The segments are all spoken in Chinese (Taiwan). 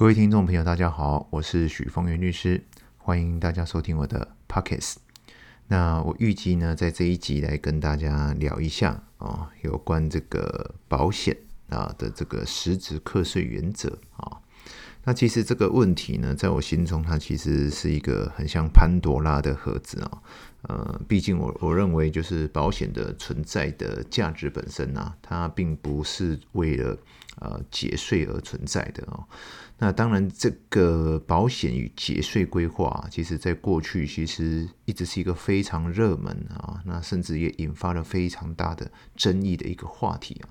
各位聽眾朋友，大家好，我是許峰源律師，歡迎大家收聽我的 Pockets。那我預計呢，在這一集來跟大家聊一下啊、哦，有關這個保險啊的這個實質課稅原則啊、哦。那其實這個問題呢，在我心中它其實是一個很像潘多拉的盒子啊、哦。呃，畢竟我我認為就是保險的存在的價值本身呢、啊，它並不是為了呃節稅而存在的、哦那當然，這個保險與節稅規劃啊，其實在過去其實一直是一個非常熱門啊，那甚至也引發了非常大的爭議的一個話題啊。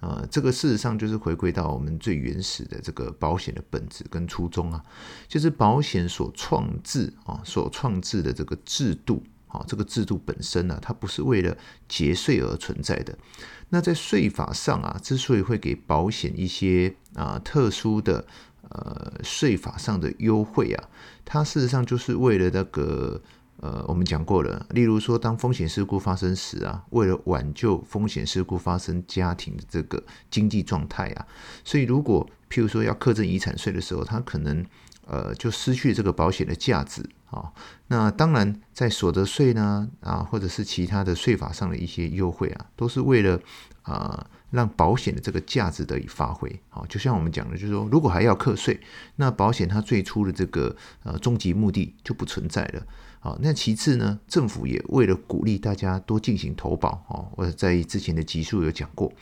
呃，這個事實上就是回歸到我們最原始的這個保險的本質跟初衷啊，就是保險所創制啊，所創制的這個制度啊，這個制度本身呢啊，它不是為了節稅而存在的。那在稅法上啊，之所以會給保險一些啊特殊的。呃，稅法上的優惠啊，它事實上就是為了那個呃，我們講過了，例如說當風險事故發生時啊，為了挽救風險事故發生家庭的這個經濟狀態啊，所以如果譬如說要課徵遺產稅的時候，它可能呃就失去這個保險的價值啊、哦。那當然，在所得稅呢啊，或者是其他的稅法上的一些優惠啊，都是為了。啊，讓保險的這個價值得以發揮，啊，就像我們講的，就是說，如果還要課稅，那保險它最初的這個呃終極目的就不存在了，啊，那其次呢，政府也為了鼓勵大家多進行投保，哦，我在之前的集數有講過，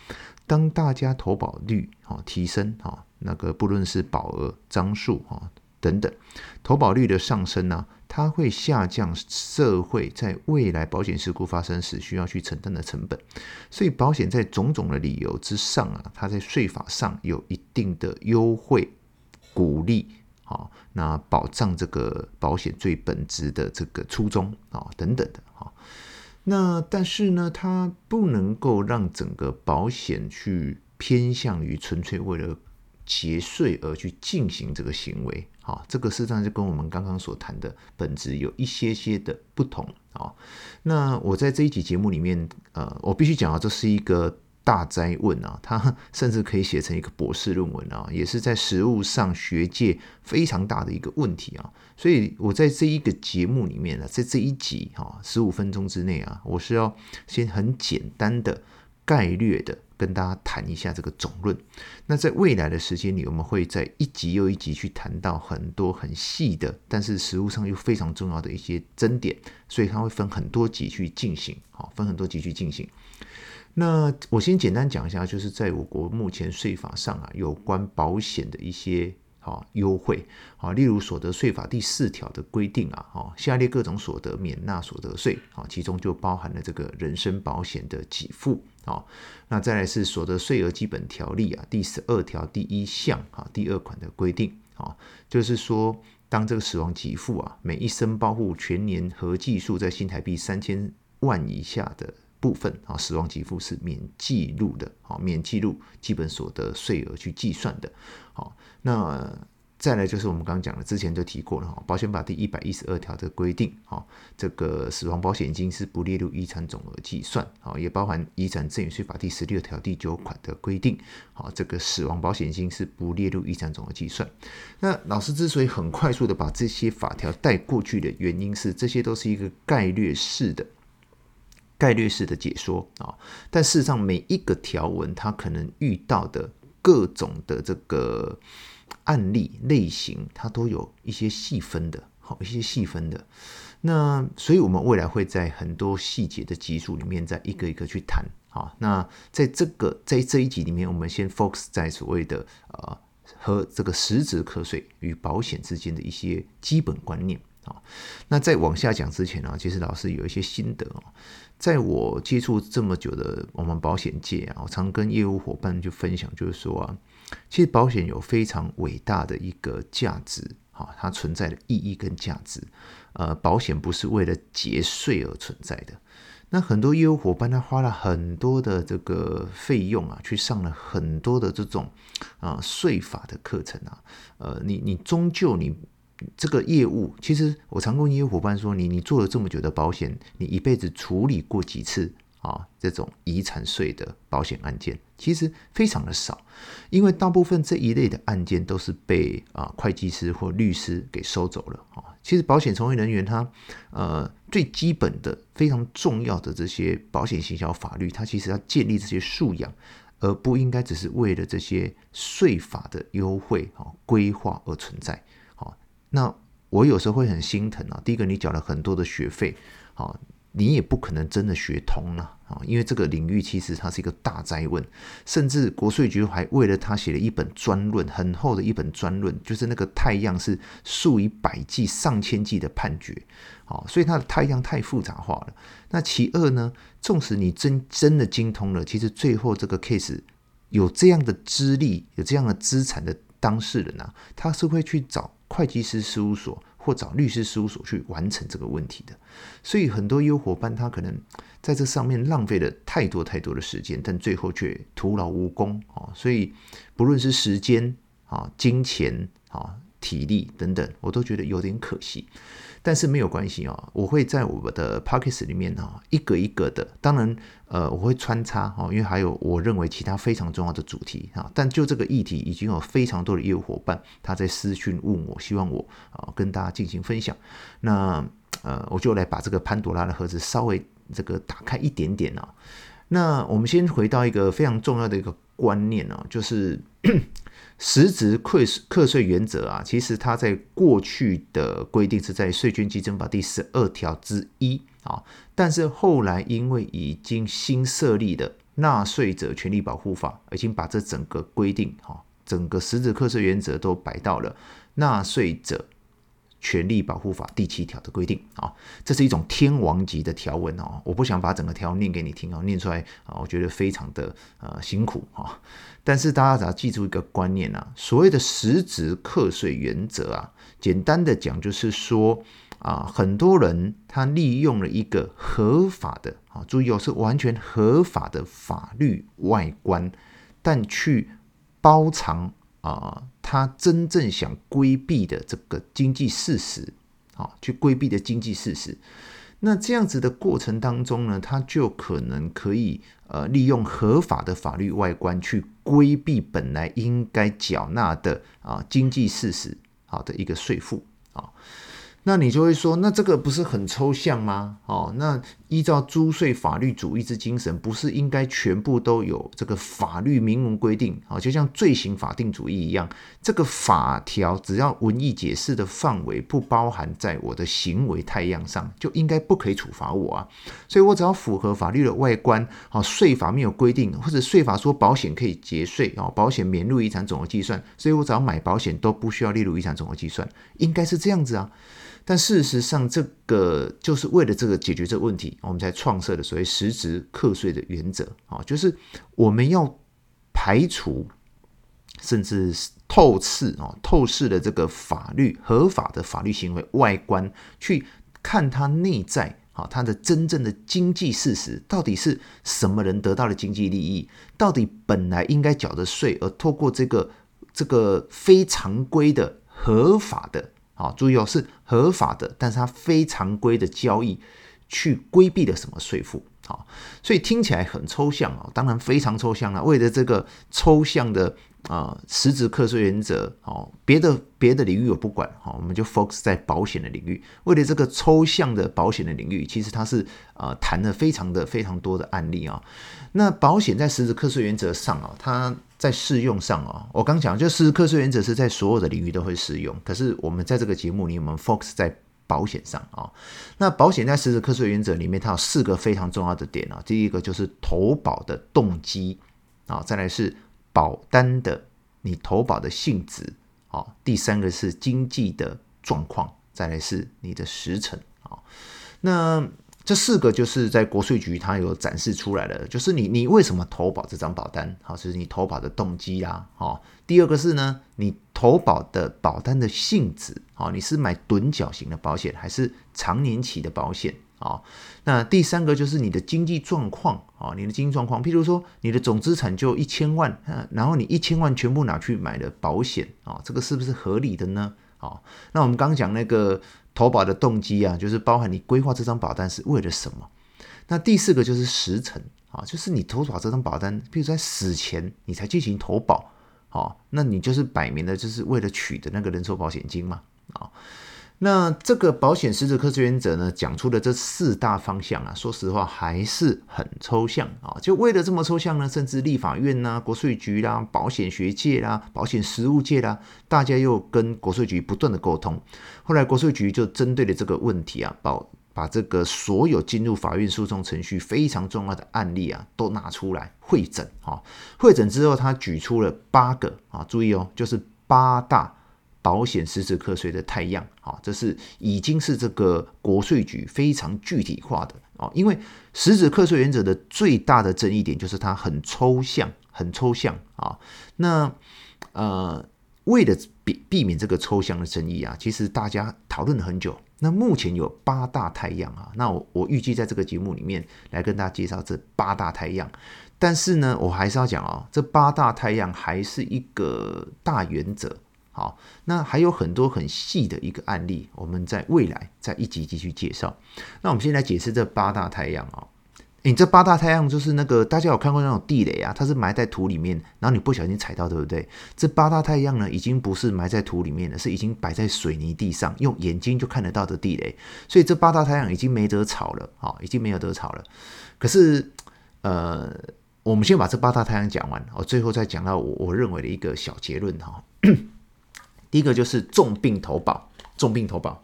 當大家投保率啊，哦，提升啊，哦，那個不論是保額、張數啊等等，投保率的上升呢，啊。它會下降社會在未來保險事故發生時需要去承擔的成本，所以保險在種種的理由之上啊，它在稅法上有一定的優惠鼓勵，好、哦，那保障這個保險最本質的這個初衷啊、哦，等等的哈、哦。那但是呢，它不能夠讓整個保險去偏向於純粹為了節稅而去進行這個行為。好，這個事實上就跟我們剛剛所談的本質有一些些的不同啊。那我在這一集節目裡面，呃，我必須講啊，這是一個大哉問啊，它甚至可以寫成一個博士論文啊，也是在實務上學界非常大的一個問題啊。所以，我在這一個節目裡面呢，在這一集哈十五分鐘之內啊，我是要先很簡單的概略的。跟大家談一下這個總論。那在未來的時間裡，我們會在一集又一集去談到很多很細的，但是實務上又非常重要的一些爭點，所以它會分很多集去進行。好，分很多集去進行。那我先簡單講一下，就是在我國目前稅法上啊，有關保險的一些。好、哦、優惠，好、哦，例如所得稅法第四條的規定啊，哦，下列各種所得免納所得稅，啊、哦，其中就包含了這個人身保險的給付，啊、哦，那再來是所得稅額基本條例啊第十二條第一項啊、哦、第二款的規定，啊、哦，就是說當這個死亡給付啊，每一生包括全年合計數在新台幣三千萬以下的。部分啊、哦，死亡給付是免計入的，啊、哦，免計入，基本所得稅額去計算的，好、哦，那、呃、再來就是我們剛剛講的，之前就提過了哈，保險法第一百一十二條的規定，哈、哦，這個死亡保險金是不列入遺產總額計算，啊、哦，也包含遺產贈與稅法第十六條第九款的規定，好、哦，這個死亡保險金是不列入遺產總額計算。那老師之所以很快速的把這些法條帶過去的原因是，這些都是一個概略式的。概略式的解說啊、哦，但事實上每一個條文，它可能遇到的各種的這個案例類型，它都有一些細分的，好、哦、一些細分的。那所以我們未來會在很多細節的集數裡面，再一個一個去談啊、哦。那在這個在這一集裡面，我們先 focus 在所謂的、呃、和這個實質課稅與保險之間的一些基本觀念。好，那在往下講之前呢、啊，其實老師有一些心得哦。在我接觸這麼久的我們保險界啊，我常跟業務伙伴去分享，就是說啊，其實保險有非常偉大的一個價值哈，它存在的意義跟價值。呃，保險不是為了節稅而存在的。那很多業務伙伴他花了很多的這個費用啊，去上了很多的這種啊、呃、稅法的課程啊，呃，你你終究你。這個業務，其實我常跟一些夥伴說，你你做了這麼久的保險，你一輩子處理過幾次啊？這種遺產稅的保險案件，其實非常的少，因為大部分這一類的案件都是被啊會計師或律師給收走了啊。其實保險從業人員他呃最基本的、非常重要的這些保險行銷法律，他其實要建立這些素養，而不應該只是為了這些稅法的優惠、啊、規劃而存在。那我有時候會很心疼啊。第一個，你繳了很多的學費，好，你也不可能真的學通了啊，因為這個領域其實它是一個大哉問。甚至國稅局還為了他寫了一本專論，很厚的一本專論，就是那個態樣是數以百計、上千計的判決，好，所以它的態樣太複雜化了。那其二呢，縱使你真真的精通了，其實最後這個 case 有這樣的資歷、有這樣的資產的當事人呢、啊，他是會去找。會計師事務所或找律師事務所去完成這個問題的，所以很多優夥伴他可能在這上面浪費了太多太多的時間，但最後卻徒勞無功啊！所以不論是時間啊、金錢啊、體力等等，我都覺得有點可惜。但是沒有關係哦，我會在我的 Pockets 裡面哈、哦，一個一個的，當然呃，我會穿插哦，因為還有我認為其他非常重要的主題哈。但就這個議題，已經有非常多的業務夥伴他在私訊問我，希望我啊、哦、跟大家進行分享。那呃，我就來把這個潘朵拉的盒子稍微這個打開一點點哦。那我們先回到一個非常重要的一個觀念哦，就是。 實質課課稅原則啊，其實它在過去的規定是在《稅捐稽徵法》第十二條之一啊，但是後來因為已經新設立的《納稅者權利保護法》，已經把這整個規定哈，整個實質課稅原則都擺到了納稅者。權利保護法第七條的規定啊，這是一種天王級的條文哦。我不想把整個條文念給你聽啊，念出來啊，我覺得非常的呃辛苦啊。但是大家只要記住一個觀念啊，所謂的實質課稅原則啊，簡單的講就是說啊、呃，很多人他利用了一個合法的啊、呃，注意哦，是完全合法的法律外觀，但去包藏啊。呃他真正想規避的這個經濟事實，啊，去規避的經濟事實，那這樣子的過程當中呢，他就可能可以呃利用合法的法律外觀去規避本來應該繳納的啊經濟事實好，啊，的一個稅負啊。那你就會說，那這個不是很抽象嗎？哦，那依照租稅法律主義之精神，不是應該全部都有這個法律明文規定？哦，就像罪刑法定主義一樣，這個法條只要文義解釋的範圍不包含在我的行為態樣上，就應該不可以處罰我啊。所以我只要符合法律的外觀，哦，稅法沒有規定，或者稅法說保險可以節稅，哦，保險免入遺產總額計算，所以我只要買保險都不需要列入遺產總額計算，應該是這樣子啊。但事實上，這個就是為了這個解決這個問題，我們才創設的所謂實質課稅的原則啊，就是我們要排除甚至透視啊，透視的這個法律，合法的法律行為外觀，去看它內在啊，它的真正的經濟事實到底是什麼人得到了經濟利益，到底本來應該繳的稅，而透過這個這個非常規的合法的。好，注意哦，是合法的，但是它非常規的交易，去規避了什麼稅負。好，所以聽起來很抽象哦，當然非常抽象了啊。為了這個抽象的啊、呃，實質課稅原則哦，別的別的領域我不管啊，我們就 focus 在保險的領域。為了這個抽象的保險的領域，其實它是啊、呃、談了非常的非常多的案例啊、哦。那保險在實質課稅原則上啊、哦，它。在適用上啊、哦，我剛講就是實質課稅原則是在所有的領域都會適用，可是我們在這個節目裡，我們 focus 在保險上啊、哦。那保險在實質課稅原則裡面，它有四個非常重要的點啊、哦。第一個就是投保的動機啊、哦，再來是保單的你投保的性質啊、哦，第三個是經濟的狀況，再來是你的時辰啊、哦。那這四個就是在國稅局，它有展示出來的，就是你你為什麼投保這張保單，好，就是你投保的動機呀、啊，好、哦，第二個是呢，你投保的保單的性質，啊、哦，你是買躉繳型的保險還是長年期的保險啊、哦？那第三個就是你的經濟狀況，啊、哦，你的經濟狀況，譬如說你的總資產就一千萬，嗯，然後你一千萬全部拿去買了保險，啊、哦，這個是不是合理的呢？啊、哦，那我們剛講那個。投保的動機啊，就是包含你規劃這張保單是為了什麼？那第四個就是時辰啊，就是你投保這張保單，比如在死前你才進行投保，哦，那你就是擺明了就是為了取得那個人壽保險金嘛，啊。那這個保險實質課稅原則呢，講出的這四大方向啊，說實話還是很抽象啊、哦。就為了這麼抽象呢，甚至立法院吶、啊、國稅局啦、啊、保險學界啦、啊、保險實務界啦、啊，大家又跟國稅局不斷的溝通。後來國稅局就針對了這個問題啊，把把這個所有進入法院訴訟程序非常重要的案例啊，都拿出來會診啊。會、哦、診之後，他舉出了八個啊、哦，注意哦，就是八大保險實質課稅的態樣。啊，這是已經是這個國稅局非常具體化的啊，因為實質課稅原則的最大的爭議點就是它很抽象，很抽象啊。那呃，為了避避免這個抽象的爭議啊，其實大家討論了很久。那目前有八大態樣啊，那我我預計在這個節目裡面來跟大家介紹這八大態樣。但是呢，我還是要講啊、哦，這八大態樣還是一個大原則。好，那還有很多很細的一個案例，我們在未來再一集繼續介紹。那我們先來解釋這八大態樣哦，你這八大態樣就是那個大家有看過那種地雷啊，它是埋在土裡面，然後你不小心踩到，對不對？這八大態樣呢，已經不是埋在土裡面了，是已經擺在水泥地上，用眼睛就看得到的地雷。所以這八大態樣已經沒得吵了啊、哦，已經沒有得吵了。可是呃，我們先把這八大態樣講完，我、哦、最後再講到我我認為的一個小結論哈。哦 第一個就是重病投保，重病投保。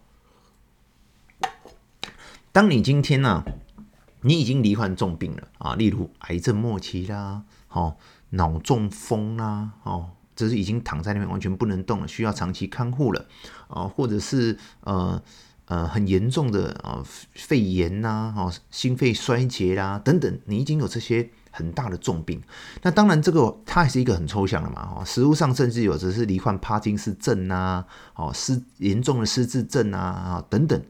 當你今天呢，啊，你已經罹患重病了啊，例如癌症末期啦，哦，腦中風啦，哦，就是已經躺在那邊完全不能動了，需要長期看護了，啊，或者是呃呃很嚴重的呃肺炎吶，啊，哦，啊，心肺衰竭啦等等，你已經有這些，很大的重病，那當然這個它是一個很抽象的嘛，哦，實務上甚至有的是罹患帕金斯症吶、啊，哦，失嚴重的失智症啊、哦、等等，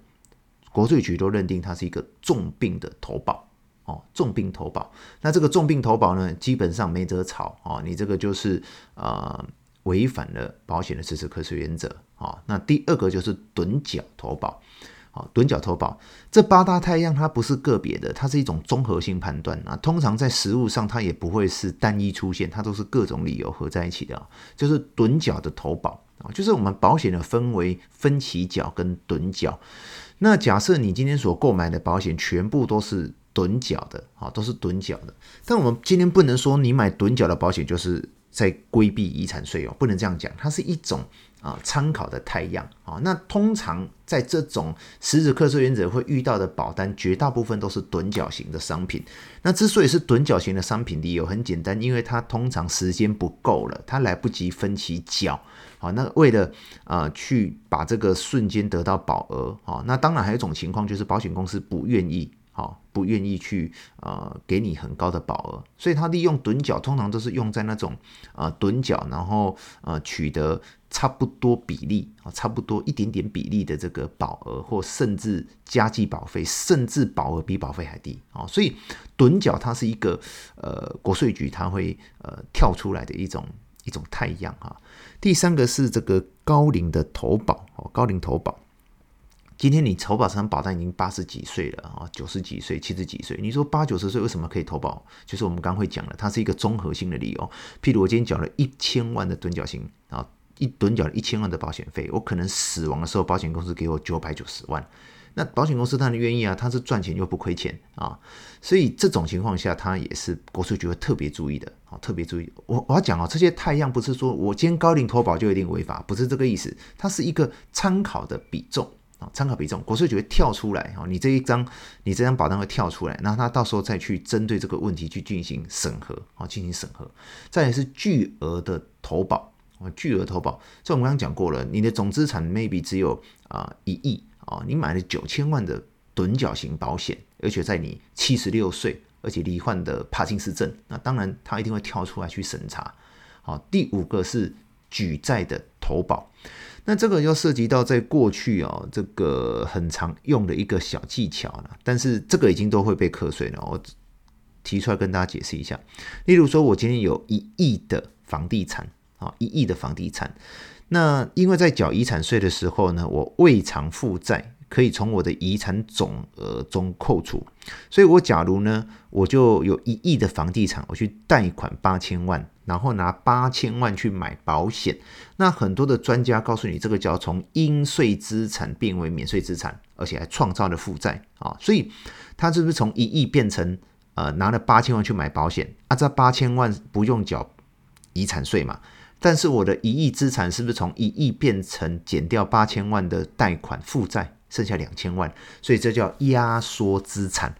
國稅局都認定它是一個重病的投保，哦，重病投保，那這個重病投保呢，基本上沒得吵哦，你這個就是呃違反了保險的實質課稅原則啊、哦，那第二個就是躉繳投保。躉繳投保這八大態樣，它不是個別的，它是一種綜合性判斷啊。通常在實務上，它也不會是單一出現，它都是各種理由合在一起的啊。就是躉繳的投保啊，就是我們保險呢分為分期繳跟躉繳。那假設你今天所購買的保險全部都是躉繳的啊，都是躉繳的，但我們今天不能說你買躉繳的保險就是在規避遺產稅哦，不能這樣講，它是一種。啊，參考的太陽啊，那通常在這種實質課稅原則會遇到的保單，絕大部分都是躉繳型的商品。那之所以是躉繳型的商品，理由很簡單，因為它通常時間不夠了，它來不及分期繳。啊，那為了啊、呃，去把這個瞬間得到保額啊，那當然還有一種情況就是保險公司不願意。好、哦，不願意去啊、呃、給你很高的保額，所以他利用躉繳，通常都是用在那種啊躉繳，然後、呃、取得差不多比例啊、哦，差不多一點點比例的這個保額，或甚至加計保費，甚至保額比保費還低啊、哦。所以躉繳它是一個呃國稅局它會呃跳出來的一種一種態樣哈、哦。第三個是這個高齡的投保哦，高齡投保。今天你投保這張保單已經八十幾歲了啊，九十幾歲、七十幾歲，你說八九十歲為什麼可以投保？就是我們剛會講了，它是一個綜合性的理由。譬如我今天繳了一千萬的躉繳型啊，一躉繳了一千萬的保險費，我可能死亡的時候，保險公司給我九百九十萬。那保險公司當然願意啊，他是賺錢又不虧錢啊，所以這種情況下，他也是國稅局會特別注意的啊，特別注意。我我要講啊、哦，這些態樣不是說我今天高齡投保就一定違法，不是這個意思，它是一個參考的比重。參考比重，國稅局會跳出來啊，你這一張，你這張保單會跳出來，那他到時候再去針對這個問題去進行審核，啊，進行審核。再來是巨額的投保，啊，巨額投保，這我們剛剛講過了，你的總資產 maybe 只有啊一，呃，億啊，哦，你買了九千萬的躉繳型保險，而且在你七十六歲，而且罹患的帕金森氏症，那當然他一定會跳出來去審查。好，哦，第五個是舉債的。投保，那這個要涉及到在過去啊、哦，這個很常用的一個小技巧了。但是這個已經都會被課稅了，我提出來跟大家解釋一下。例如說，我今天有一億的房地產啊，一億的房地產。那因為在繳遺產稅的時候呢，我未償負債可以從我的遺產總額中扣除。所以我假如呢，我就有一億的房地產，我去貸款八千萬。然後拿八千萬去買保險，那很多的專家告訴你，這個叫從應稅資產變為免稅資產，而且還創造了負債啊、哦，所以他是不是從一億變成呃拿了八千萬去買保險啊？這八千萬不用繳遺產稅嘛？但是我的一億資產是不是從一億變成減掉八千萬的貸款負債，剩下兩千萬？所以這叫壓縮資產，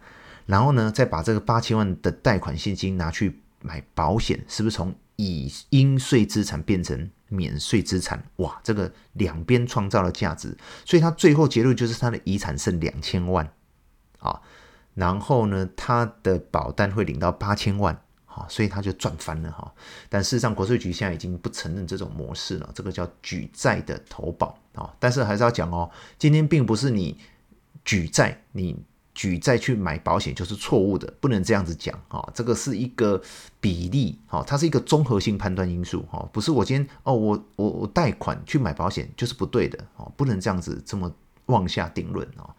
然後呢，再把這個八千萬的貸款現金拿去。買保險是不是從以應稅資產變成免稅資產？哇，這個兩邊創造了價值，所以他最後結論就是他的遺產剩兩千萬啊，然後呢，他的保單會領到八千萬啊，所以他就賺翻了哈。但事實上，國稅局現在已經不承認這種模式了，這個叫舉債的投保啊。但是還是要講哦，今天並不是你舉債，你。舉債去買保險就是錯誤的，不能這樣子講啊、哦！這個是一個比例、哦、它是一個綜合性判斷因素、哦、不是我今天哦，我我我貸款去買保險就是不對的、哦、不能這樣子這麼妄下定論、哦、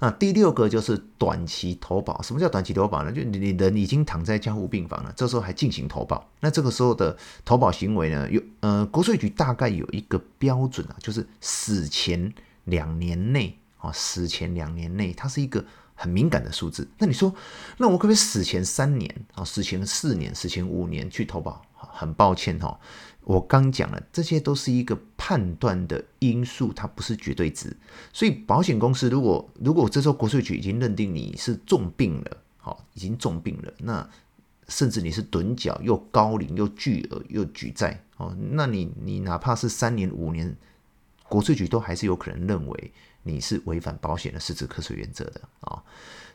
那第六個就是短期投保，什麼叫短期投保呢？就你你人已經躺在加護病房了，這時候還進行投保，那這個時候的投保行為呢？有呃，國稅局大概有一個標準啊，就是死前兩年內啊、哦，死前兩年內，它是一個。很敏感的數字，那你說，那我可不可以死前三年啊，死前四年，死前五年，年去投保？很抱歉哈、哦，我剛講了，這些都是一個判斷的因素，它不是絕對值。所以保險公司如果如果這時候國稅局已經認定你是重病了，哦，已經重病了，那甚至你是躉繳又高齡又巨額又舉債哦，那你你哪怕是三年五年，國稅局都還是有可能認為。你是違反保險的實質課稅原則的啊、哦。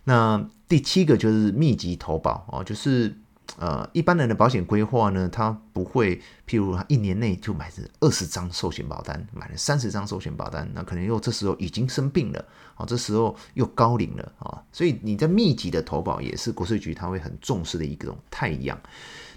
那第七個就是密集投保、哦、就是呃，一般人的保險規劃呢，他不會，譬如他一年內就買了二十張壽險保單，買了三十張壽險保單，那可能又這時候已經生病了啊、哦，這時候又高齡了啊、哦，所以你在密集的投保也是國稅局他會很重視的一種態樣。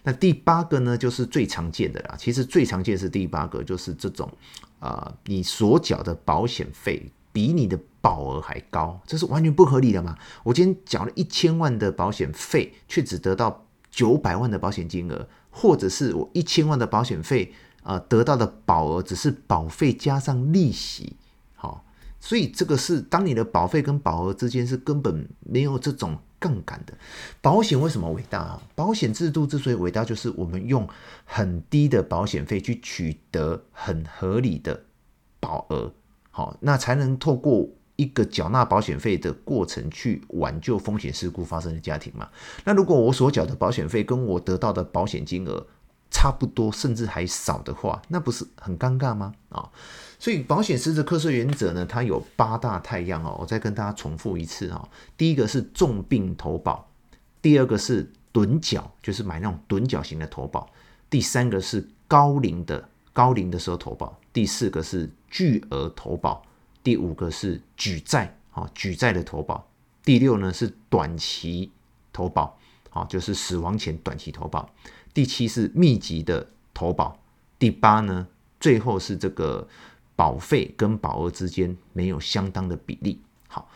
那第八個呢，就是最常見的啦，其實最常見的是第八個，就是這種啊、呃，你所繳的保險費，比你的保額還高，這是完全不合理的嘛。我今天繳了一千萬的保險費，卻只得到九百萬的保險金額，或者是我一千萬的保險費，啊、呃，得到的保額只是保費加上利息。好、哦，所以這個是當你的保費跟保額之間是根本沒有這種槓桿的。保險為什麼偉大啊？保險制度之所以偉大，就是我們用很低的保險費去取得很合理的保額。好、哦，那才能透過一個繳納保險費的過程去挽救風險事故發生的家庭嘛？那如果我所繳的保險費跟我得到的保險金額差不多，甚至還少的話，那不是很尷尬嗎？啊、哦，所以保險實質課稅原則呢，它有八大態樣哦，我再跟大家重複一次哦，第一個是重病投保，第二個是躉繳，就是買那種躉繳型的投保，第三個是高齡的。高齡的時候投保，第四個是巨額投保，第五個是舉債，舉債的投保，第六呢是短期投保，就是死亡前短期投保，第七是密集的投保，第八呢最後是這個保費跟保額之間沒有相當的比例。好，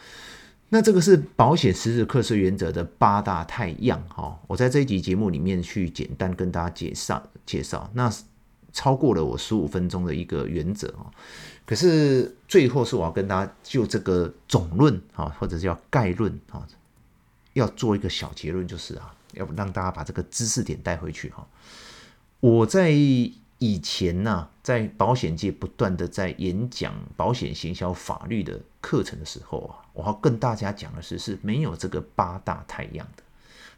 那這個是保險實質課稅原則的八大態樣，哈，我在這一集節目裡面去簡單跟大家介紹介紹，那。超過了我十五分鐘的一個原則啊，可是最後是我要跟大家就這個總論啊，或者叫概論啊，要做一個小結論，就是啊，要讓大家把這個知識點帶回去哈。我在以前呢、啊，在保險界不斷的在演講保險行銷法律的課程的時候啊，我要跟大家講的是，是沒有這個八大態樣的，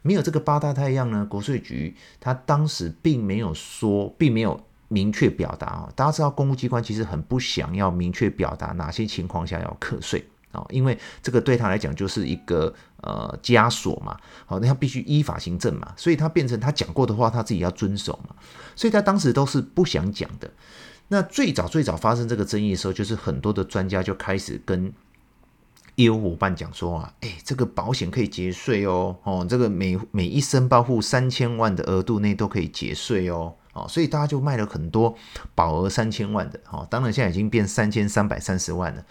沒有這個八大態樣呢，國稅局他當時並沒有說，並沒有。明確表達，大家知道公務機關其實很不想要明確表達哪些情況下要課稅啊，因為這個對他來講就是一個呃枷鎖嘛。好，那他必須依法行政嘛，所以他變成他講過的話他自己要遵守嘛，所以他當時都是不想講的。那最早最早發生這個爭議的時候，就是很多的專家就開始跟業務夥伴講說啊，哎、欸，這個保險可以節稅哦，哦，這個每每一申報戶三千萬的額度內都可以節稅哦。哦，所以大家就賣了很多保額三千萬的，哈，當然現在已經變三千三百三十萬了。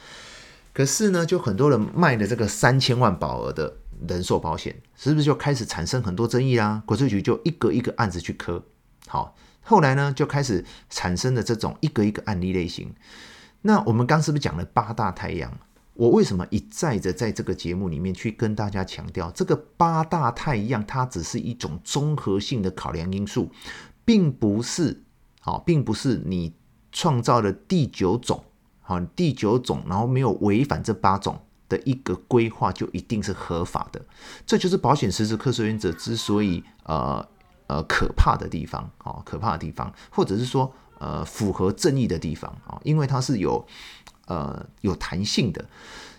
可是呢，就很多人賣了這個三千萬保額的人壽保險，是不是就開始產生很多爭議啦、啊？國稅局就一個一個案子去磕，好，後來呢就開始產生了這種一個一個案例類型。那我們剛是不是講了八大態樣？我為什麼一再的在這個節目裡面去跟大家強調，這個八大態樣它只是一種綜合性的考量因素？並不是，好，並不是你創造了第九種，好，第九種，然後沒有違反這八種的一個規劃，就一定是合法的。這就是保險實質課稅原則之所以，呃呃，可怕的地方，好，可怕的地方，或者是說，呃，符合正義的地方啊，因為它是有，呃，有彈性的。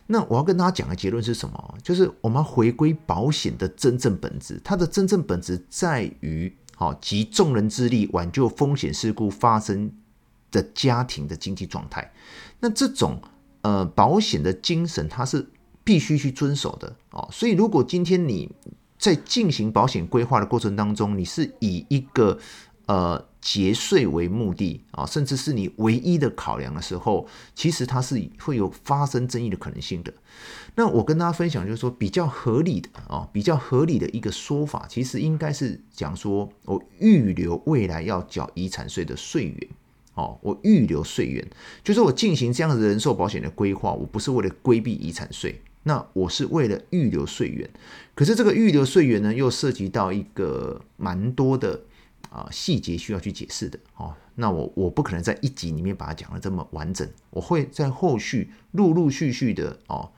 那我要跟大家講的結論是什麼？就是我們要回歸保險的真正本質，它的真正本質在於。哦，集眾人之力挽救風險事故發生的家庭的經濟狀態，那這種呃保險的精神，它是必須去遵守的哦。所以，如果今天你在進行保險規劃的過程當中，你是以一個呃。節稅為目的啊，甚至是你唯一的考量的時候，其實它是會有發生爭議的可能性的。那我跟大家分享，就是說比較合理的啊、哦，比較合理的一個說法，其實應該是講說我預留未來要繳遺產稅的稅源哦，我預留稅源，就是我進行這樣的人壽保險的規劃，我不是為了規避遺產稅，那我是為了預留稅源。可是這個預留稅源呢，又涉及到一個蠻多的。啊，細節需要去解釋的哦。那我我不可能在一集裡面把它講得這麼完整，我會在後續陸陸續續的哦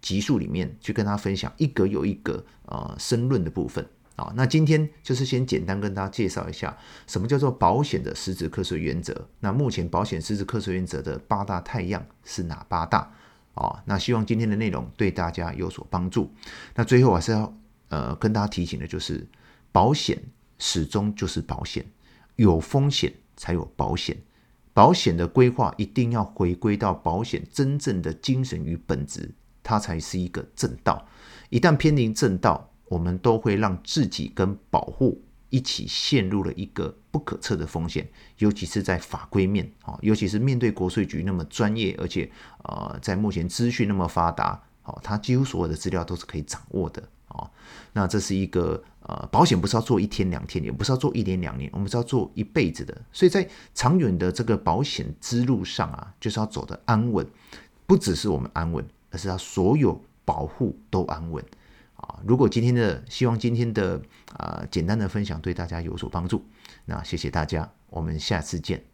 集數裡面去跟大家分享，一格有一個呃深論的部分啊、哦。那今天就是先簡單跟大家介紹一下什麼叫做保險的實質課稅原則。那目前保險實質課稅原則的八大態樣是哪八大哦，那希望今天的內容對大家有所幫助。那最後我還是要呃跟大家提醒的就是保險。始終就是保險，有風險才有保險。保險的規劃一定要回歸到保險真正的精神與本質，它才是一個正道。一旦偏離正道，我們都會讓自己跟保護一起陷入了一個不可測的風險。尤其是在法規面啊，尤其是面對國稅局那麼專業，而且呃，在目前資訊那麼發達，哦，它幾乎所有的資料都是可以掌握的哦。那這是一個。呃，保險不是要做一天兩天的，也不是要做一年兩年，我們是要做一輩子的。所以在長遠的這個保險之路上啊，就是要走得安穩，不只是我們安穩，而是要所有保護都安穩啊。如果今天的希望今天的啊、呃、簡單的分享對大家有所幫助，那謝謝大家，我們下次見。